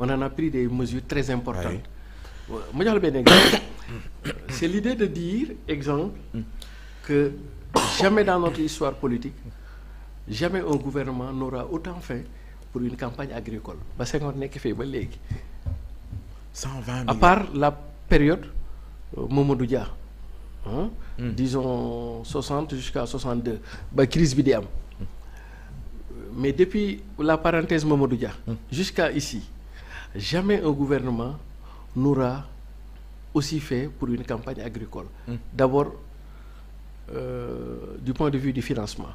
on en a pris des mesures très importantes. ma jox la benn exemple c'est l'idée de dire exemple mm. que jamais dans notre histoire politique jamais un gouvernement n'aura autant fait pour une campagne agricole ba Senghor nekk fii ba léegi. cent à part la période euh, Mamadou Dia. Mm. disons soixante ba crise bi di am mm. mais depuis la parenthèse Mamadou Dia. Mm. jusqu'à ici. jamais un gouvernement noura aussi fait pour une campagne agricole. Mmh. D'abord, euh, du point de vue du financement.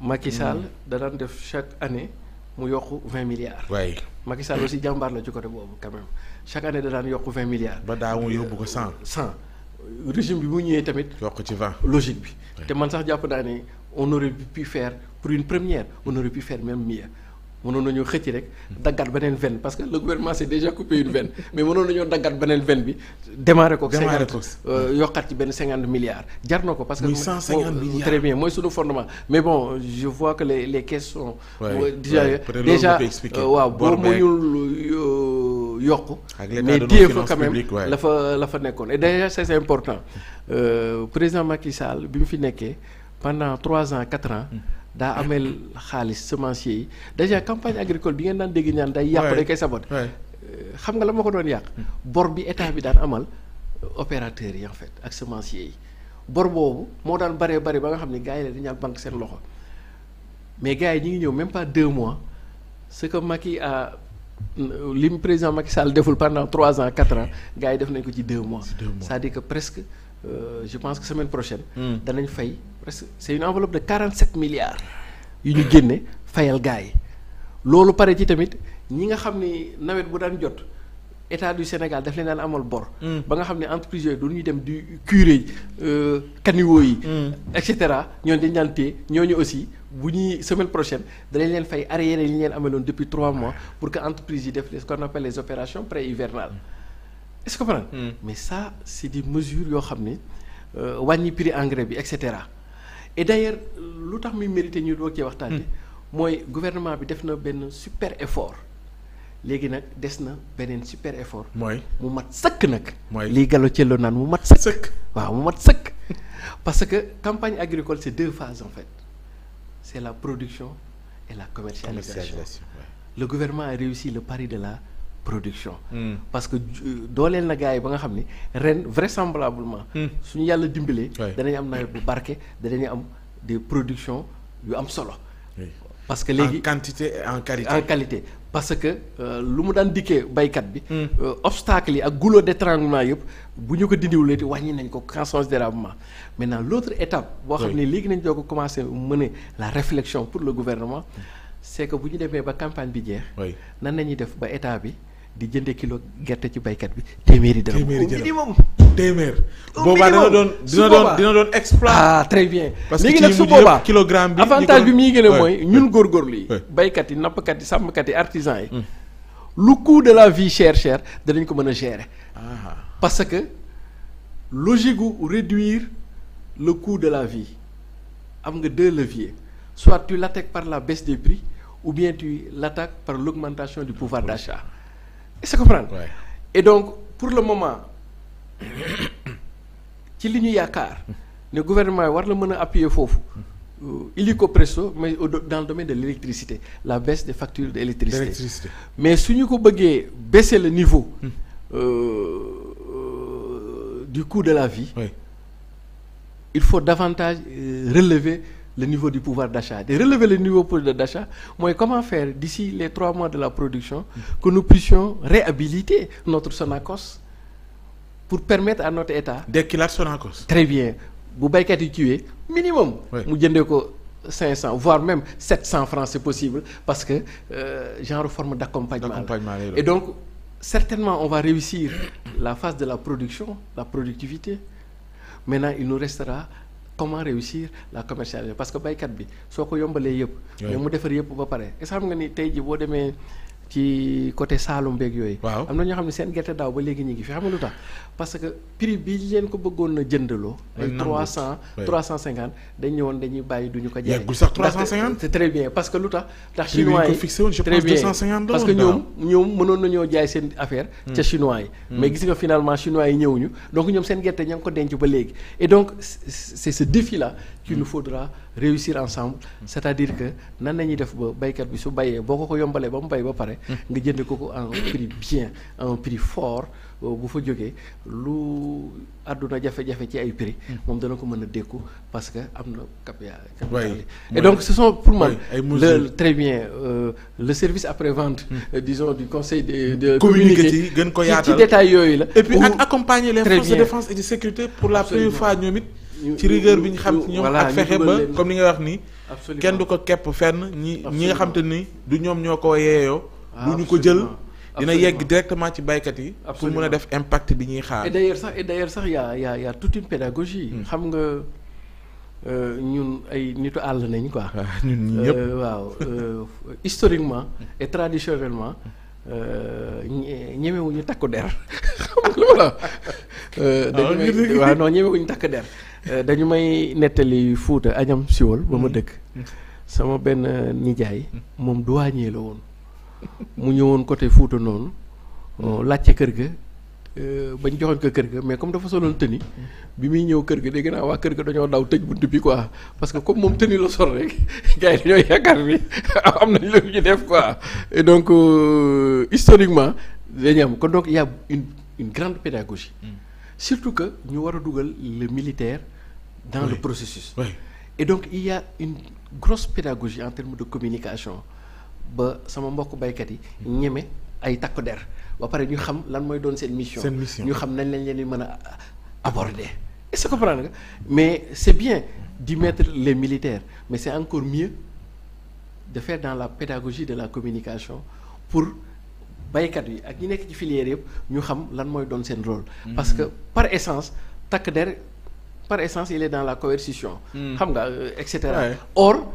Macky da daan def chaque année mu yokk vingt milliards. waay Macky Sall aussi jàmbaar la ci côté boobu quand même chaque année da daan yokk vingt milliards. ba daaw yóbbu ko cent. Euh, cent régime bi mu ñëwee tamit. yokk ci vingt logique bi. te man sax jàpp naa ne on aurait pu faire pour une première on aurait pu faire même mieux. mënoon nañoo xëcc rek daggat beneen veine parce que le gouvernement s'est déjà coupé une veine mais mënoon nañoo daggat beneen veine bi démarré ko. démarré ko euh, ci benn cinquante milliards. jar na ko parce que muy cent cinquante euh, milliards très bien mooy suñu fondement mais bon je vois que les les caisses euh, sont. déjà déjà waaw boo muyul yokk. mais téye fa quand la fa la fa nekkoon et déjà c'est important président Macky Sall bi mu fi nekkee pendant trois ans quatre ans. Mm. daa ameel xaalis semencier yi déjà campagne agricole bi ngeen daan dégg ñaan day yàqu day koy sabot euh, xam nga la ma ko doon yàq hmm. bor bi état bi daan amal euh, opérateurs yi en ak semencier yi bor boobu moo daan bare bari ba nga xam ne gars yi la dañaa banque seen loxo mais gars yi ñi ngi ñëw même pas deux mois ce que Macky a euh, li mu président Macky Sall deful pendant trois ans quatre ans gars yi def nañ ko ci deux mois c'est-à-dire que presque euh, je pense que semaine prochaine hmm. danañ fay presque c' est une enveloppe de 47 milliards yu ñu génne fayal gars yi loolu pare ci tamit ñi nga xam ni nawet bu daan jot état du Sénégal daf leen daan amal bor. Mm. ba nga xam ne entreprise yooyu du ñu dem di curé euh, caniveau yi. Mm. et cetera ñooñu dañ daan ñoo ñu aussi bu ñuy semaine prochaine danañ leen fay arriéré li ñu leen ameloon depuis trois mois pour que entreprise yi def ce qu'on appelle les opérations pré hivernales est-ce que vous mm. mais ça c'est des mesures yoo xam ne euh, wàññi prix engrais bi et cetera. et d'ailleurs lu tax muy mérité ñu doo cee waxtaanee. Hmm. mooy gouvernement bi def na benn super effort. léegi nag des na beneen super effort. mooy mu mat sëkk nag. mooy lii Gallo Thiello naan mu mat sëkk. waaw mu mat sëkk parce que campagne agricole c'est deux phases en fait c'est la production et la commercialisation. commercialisation ouais. le gouvernement a réussi le pari de la. production. Hmm. parce que euh, dooleel na gars yi ba nga xam ni ren vraisemblablement. Hmm. suñu yàlla dimbalee. danañ am nawet bu barke danañ am des productions yu am solo. parce que léegi quantité en qualité. en qualité parce que euh, lu mu daan dikkee baykat bi. Hmm. Euh, obstacle yi ak de d'étranglement yëpp bu ñu ko di wàññi nañ ko considérablement maintenant l' autre étape. boo xam ne léegi nañ doo ko commencé mener la reflection pour la gouvernement. c' est que bu ñu demee ba campagne bi jeex. nan nañuy def ba état bi. di jënde kilo gerte ci baykat bi téeméeri dërëm. minimum téeméer. boobaa dina doon dina doon dina doon exploit. Ah, léegi nag su boobaa kilogramme bi avantage bi muy gën mooy ñun góorgóorlu yi. baykat yi nappkat yi sàmmkat yi artisan yi. Mm. lu coût de la vie cher cher danañ ko mën a gérer. Ah. parce que logique gu réduire le coût de la vie am nga deux leviers soit tu l'attaques par la baisse des prix ou bien tu l'attaques par l'augmentation du pouvoir d'achat. est-ce que comprendre et donc pour le moment ci li ñu yaakaar ne gouvernement yi war la mën a appuyer foofu euh, illico presto mais dans le domaine de l'électricité la baisse des factures d'électricité mais su ñu ko bëggee baisser le niveau hmm. euh, euh, du coût de la vie oui. il faut davantage euh, relever le niveau du pouvoir d'achat de relever le niveau d'achat mooy comment faire d'ici les trois mois de la production que nous puissions réhabiliter notre Sonacos pour permettre à notre État dekkilaat Sonacos très bien bu baykat yi kiwee minimum mu jëndee ko cinq cent voire même sept cent francs c'est possible parce que euh, genre forme d'accompagnement et donc certainement on va réussir la phase de la production la productivité maintenant il nous restera comment réussir la commercialisation parce que baykat bi soo ko yombalee yëpp mais mu defar yëpp ba pare est xam nga ni tey ji boo demee ci côté Saalum beeg yooyu. waaw am na ñoo xam ne seen gerte daaw ba léegi ñu ngi fi xam nga lu tax parce que prix bi leen ko bëggoon na jëndaloo. ay trois cent trois cent cinquante dañ ñëwoon dañuy bàyyi du ñu ko. jaayee yàggul sax trois cent cinquante c'est très bien parce lu tax. ndax chinois yi très bien ñoom ñoom mënoon nañoo jaay seen affaire. Hmm. ca chinois yi. Hmm. mais gis nga finalement chinois yi ñëwuñu donc ñoom seen gerte ña ngi ko denc ba léegi et donc c'est ce défi là réussir ensemble c'est-à-dire que nan la ñuy def ba baykat bi su bayee boo ko ko yombalee ba mu bay ba pare nga jënd ko ko en prix bien en prix fort euh, bu fa jógee lu àdduna jafe-jafe ci ay prix hmm. moom dana ko mën a dékku parce que am na cap et donc ce sont pour man le très bien euh, le service après vente hmm. euh, disons du conseil de de communiquer ci gën ko yaatal yooyu la et puis ak accompagner les forces de défense et de sécurité pour la première fois ci rigueur bi ñu xam ci comme ni nga wax ni kenn du ko kepp fenn ñi ñi nga xam te du ñoom ñoo ko yeeyoo du ñu ko jël dina yegg directement ci baykat yi pour mën a def impact bi ñuy xaar sax et sax yaa yaa yaa toute une hmm. xam nga euh, ñun ay nitu àll nañ quoi ah, ñun ñëpp euh, waaw euh, historiquement et traditionnellement ñemewuñu takku der xam nga lu ma la ah, waaw ñemewuñu takk der Euh, dañu may nettali Fuuta añam siwol ba ma mm-hmm. dëkk sama benn euh, nijaay mm-hmm. moom douanier la woon mu ñëwoon côté Fuuta noonu mm-hmm. laajte kër ga euh, bañ joxoñ ko kër ga mais comme dafa soloon tëni bi muy ñëw kër ga dégg a waa kër ga dañoo daw tëj bunt bi quoi parce que comme moom tëni la sol rek gars dañoo yaakaar bi am nañ lu ñu def quoi et donc historiquement dañu am kon donc y une grande pédagogie surtout que ñu war a dugal le militaire dans oui. le processus oui. et donc il y une grosse pédagogie en termes de communication ba sama mbokk baykat yi ñeme ay takk der ba pare ñu xam lan mooy doon seen mission ñu xam nañ lañ leen mën a aborder est-ce que nga mais c'est bien d'y mettre les militaires mais c'est encore mieux de faire dans la pédagogie de la communication pour baykat bi ak ñi nekk ci filière yëpp ñu xam lan mooy doon seen rôle. Mm-hmm. parce que par essence takk der par essence il est dans la coercition. Mm. xam nga euh, et cetera. or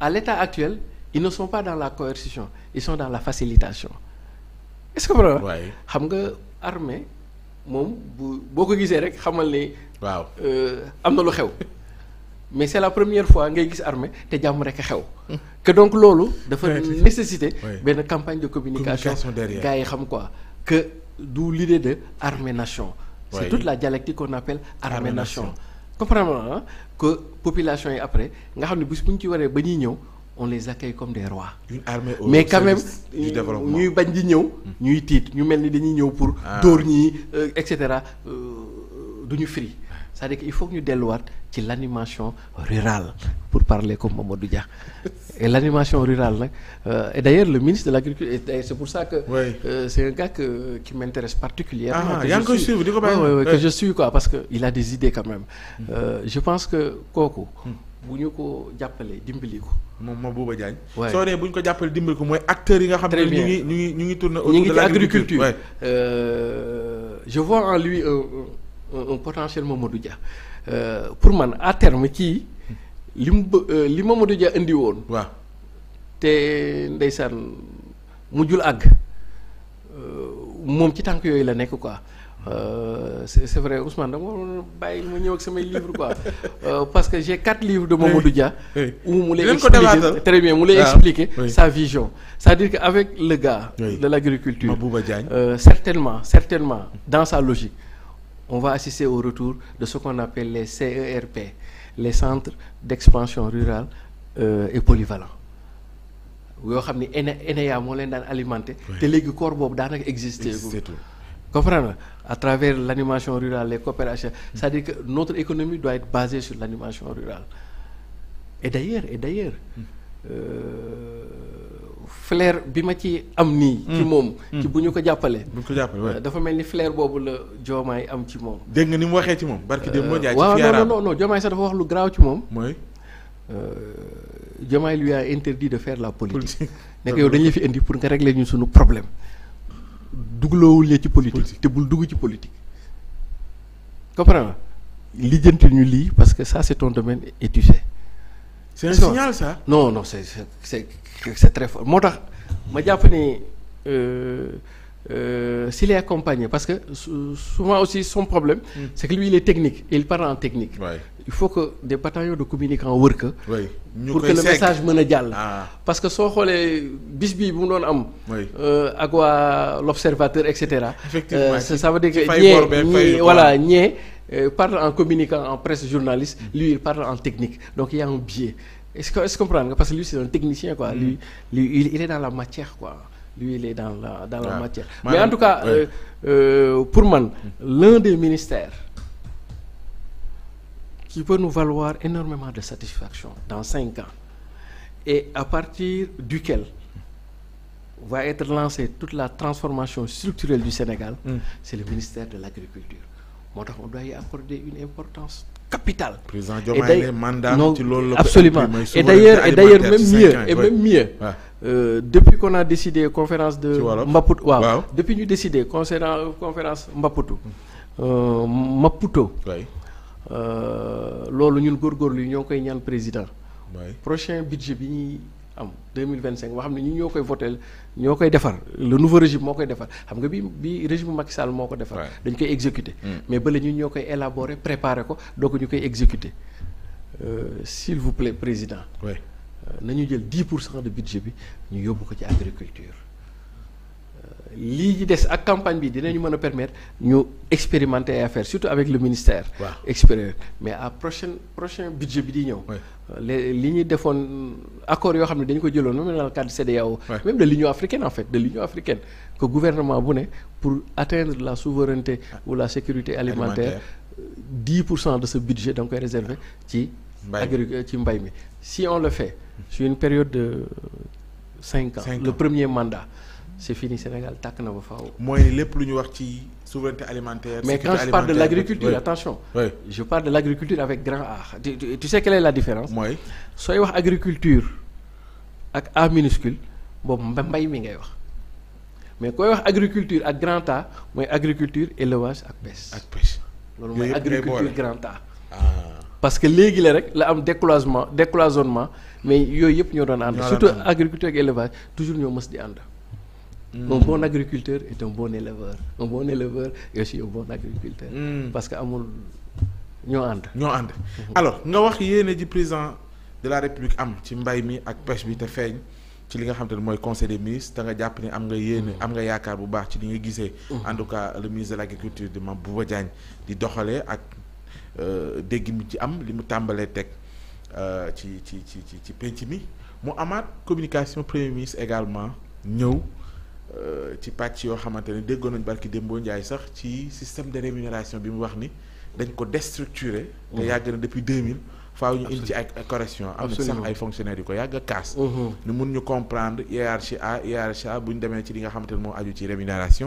à l'état actuel ils ne sont pas dans la coercition ils sont dans la facilitation. est-ce que problème xam nga armée moom bu boo ko gisee rek xamal ni. waaw euh, am na lu xew. mais c'est la première fois ngay gis armée te jàmm rek a xew. que donc loolu. dafa nécessité benn campagne de communication. gars yi xam quoi que du l'idée de armée nation. c'est toute la dialectique qu'on appelle armée nation. comprendre que population yi après nga xam ne bis bu ñu ci waree ba ñuy ñëw on les accueille comme des rois. une armée au mais quand même ñuy bañ di ñëw. Hmm. ñuy tiit ñu mel ni dañuy ñëw pour. Ah. dóor ñii euh, et cetera euh, du ñu firi. c'est-à-dire il faut que ñu delluwaat ci l'animation rurale pour parler comme Mamadou du et l'animation rural nag euh, et d'ailleurs le ministre de l'agriculture et c'est pour ça que ouais. euh, c'est un gars que qui m'intéresse particulièrement ah, que, je suis, suivre, ouais, ouais, que je suis quoi parce que il a des idées quand même hmm. euh, je pense que kooku hmm. bu ñu ko jàppalee dimbali ko moom ma Bouba Diagne soo nee bu ñu ko jàppalee dimbali ko mooy acteur yi nga xam ne ñu ngi ñu ngi ñu ngi tourner autour de l'agriculture euh, je vois en lui un potentiel Mamadou Dia euh, pour man à terme kii li mu bë euh, li Mamadou Dia indi woon. waaw te mu mujjul àgg euh, moom ci tànk yooyu la nekk quoi. Euh, c' est, c' est vrai Ousmane dama waroon bàyyi ma ñëw ak samay livres quoi euh, parce que j'ai quatre livres de Mamadou Dia. oui où mu lay expliquer très bien mu lay ah, expliquer sa vision. cest dire que avec le gars. Oui. la l' agriculture Mabouba Diagne. Euh, certainement certainement dans sa logique. on va assister au retour de ce qu'on appelle les CERP les centres d'expansion rurale euh, et polyvalents yoo xam ni ENA ENEA moo leen daan alimenté te léegi corps boobu daan daanaka existé comprendre à travers l'animation rurale les coopérations c'est-à-dire que notre économie doit être basée sur l'animation rurale et d'ailleurs et d'ailleurs hmm. euh, flair bi ma ci am nii. ci hmm. moom hmm. ci bu ñu ko jàppale bu ko jàppalee euh, dafa mel ni flair boobu la Diomaye am ci moom. dégg nga ni mu waxee ci moom. barki démb moo euh, jaay waaw non non non sax dafa wax lu garaaw ci moom. mooy. Euh, Diomaye lui a interdit de faire la politique. nekk yow dañuy fi indi pour nga régler ñu suñu problème. dugloowul la ci politique te bul dugg ci politique. comprends nga lijjanti ñu lii parce que ça c'est ton domaine et c'est un signal ça non non c'est c'est c'est très fort moo tax ma jàpp ni euh, euh, s'il est accompagné parce que souvent aussi son problème hmm. c'est que lui il est technique et il parle en technique il faut que des bataillons de communicants wër ka pour que le message mën a jàll ah. parce que soo xoolee bis bi bu mu doon am euh, ak waa l'observateur et cetera ça veut dire que ñee voilà ñee euh, parle en communiquant en presse journaliste mm. lui il parle en technique donc il y a un biais est-ce que est-ce que comprendre nga parce que lui c'est un technicien quoi mm. lui il, est dans la matière quoi lui il est dans la ah. matière mais en tout cas euh, euh, pour man mm. l'un des ministères qui peut nous valoir énormément de satisfaction dans cinq ans et à partir duquel va être lancée toute la transformation structurelle du Sénégal, mm. c'est le ministère de l'Agriculture. moo tax on doit y une importance capitale. président Diomaye ne mandat ci loolu la ko absolument et d'ailleurs et d'ailleurs même mieux et même mieux. Euh, depuis qu'on a décidé conférence de. Maputo waaw depuis ñu décidé concernant conférence Maputo. Mm. Euh, euh, loolu ñun góorgóorlu yi ñoo koy ñaan président. prochain budget bi ñuy. am 2025 boo xam ne ñu ñoo koy voté ñoo koy defar le nouveau régime moo koy defar xam nga bi bi régime Macky Sall moo ko defar dañ koy exécuter mm. mais ba la ñu ñoo koy élaborer préparer ko donc ñu koy exécuter euh, s'il vous plaît président euh, nañu jël 10 pour cent de budget bi ñu yóbbu ko ci agriculture lii di des ak campagne bi dinañu mën a permettre ñu expérimenter ay affaires surtout avec le ministère. waaw expérimenté mais à prochain prochain budget bi di ñëw. les li ñuy defoon accords yoo xam ne dañu ko jëloon même dans le cadre CEDEAO même de l'Union africaine en fait de africaine que gouvernement bu ne pour atteindre la souveraineté ou la sécurité alimentaire dix pour cent de ce budget da nga koy réserver ci. agriculture ci mbay mi si on le fait sur une période de cinq ans. le premier mandat. c'est fini Sénégal tàkk na ba fa mooy lépp lu ñu wax ci souveraineté alimentaire. mais quand je parle de l'agriculture oui. attention. je parle de l'agriculture avec grand A. Tu, tu, tu la différence. mooy sooy wax agriculture ak A minuscule boobu mbay mi ngay wax mais koy wax agriculture ak grand A mooy agriculture élevage ak pêche. ak pêche loolu mooy agriculture grand A. Ah. parce que léegi la rek la am décloisement décloisonnement mais yooyu yëpp ñoo doon ànd. surtout agriculture toujours ñoo mës di ànd. Mmh. Un bon agriculteur est un bon éleveur. Un bon éleveur est aussi un bon agriculteur. Mm. parce que amul ñoo ànd. ñoo ànd mhm. alors nga wax yéene ji président de la république am ci mbay mi ak pêche bi te feeñ ci li nga xam te ne mooy conseil des ministres da nga jàpp ni am nga yéene mm. am nga yaakaar bu baax ci li nga gisee. Mm. en tout cas le ministre de l' agriculture di Mame Bouba Diagne di doxalee ak euh, dégg mi ci am li mu tàmbalee teg euh, ci ci ci ci penc mi mu amaat communication premier également ñëw. Euh, ci pàcc yoo xamante ne déggoon nañ barki Dembo Ndiaye sax ci système de rémunération bi mu wax ni dañ ko déstructuré. te mhm. yàgg na depuis 2000. faaw ñu indi ci ay correction am na ay fonctionnaires yu ko yàgg a kaas. Mhm. ñu mun ñu comprendre hiérarchie A hiérarchie A bu demee ci li nga xamante ne moo aju ci rémunération.